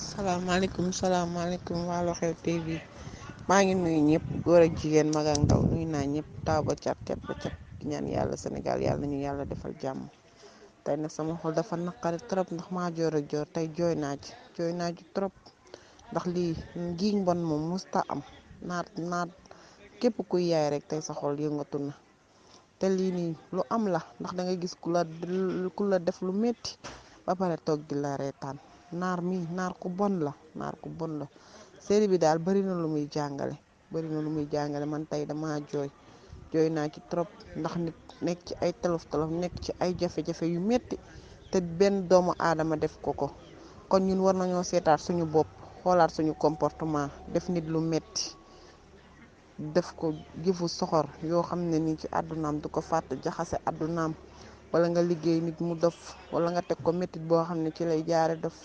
salaamaaleykum salaamaaleykum waa Lu Xew TV maa ngi nuyu ñëpp góor ak jigéen mag ak ndaw nuyu naa ñëpp taw ba cat cat ba cat ñaan yàlla senegal yàlla nañu yàlla defal jàmm tey nag sama xol dafa naqari trop ndax ma joor ak joor tey jooy naa ci jooy naa ci trop ndax lii njiiñ bon moom musta am naat naat képp kuy yaay rek tey sa xol yëngatu na te lii nii lu am la ndax dangay gis ku la def lu metti ba pare toog di la reetaan naar mii naar ku bon la naar ku bon la série bi daal bëri na lu muy jàngale bëri na lu muy jàngale man tey dama jooy jooy naa ci trop ndax nit nekk ci ay tolof tolof nekk ci ay jafe-jafe yu metti te benn doomu aadama def ko ko kon ñun war nañoo seetaat suñu bopp xoolaat suñu comportement def nit lu metti def ko jëfu soxor yoo xam ne nii ci àddunaam du ko fàtt jaxase àddunaam wala nga liggéey nit mu dof wala nga teg ko méttit boo xam ne ci lay jaare dof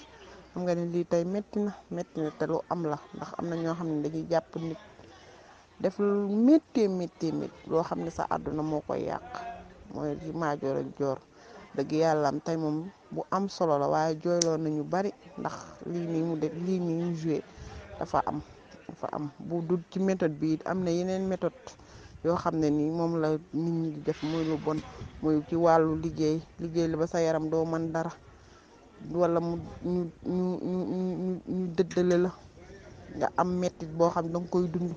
xam nga ne lii tey métti na métti na te lu am la ndax am na ñoo xam ne dañuy jàpp nit def lu méttee méttee métti loo xam ne sa àdduna moo koy yàq mooy li maajoor ak joor dëgg yàlla am tey moom bu am solo la waaye jooyloo ñu bari ndax lii nii mu def lii nii ñu joué dafa am dafa am bu dul ci méthode bi am na yeneen méthode yoo xam ne nii moom la nit ñi def muy lu bon muy ci wàllu liggéey liggéey li ba sa yaram doo mën dara wala mu ñu ñu ñu ñu dëddale la nga am mettit boo xam ne danga koy dund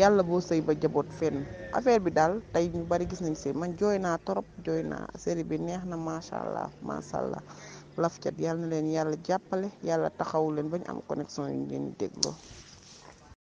yàlla boo sëy ba jaboot fenn affaire bi daal tey ñu bari gis nañ sëy man jooy naa trop jooy naa série bi neex na macha allah macha allah laf cat yàlla na leen yàlla jàppale yàlla taxawu leen ba ñu am connexion yu ñu leen di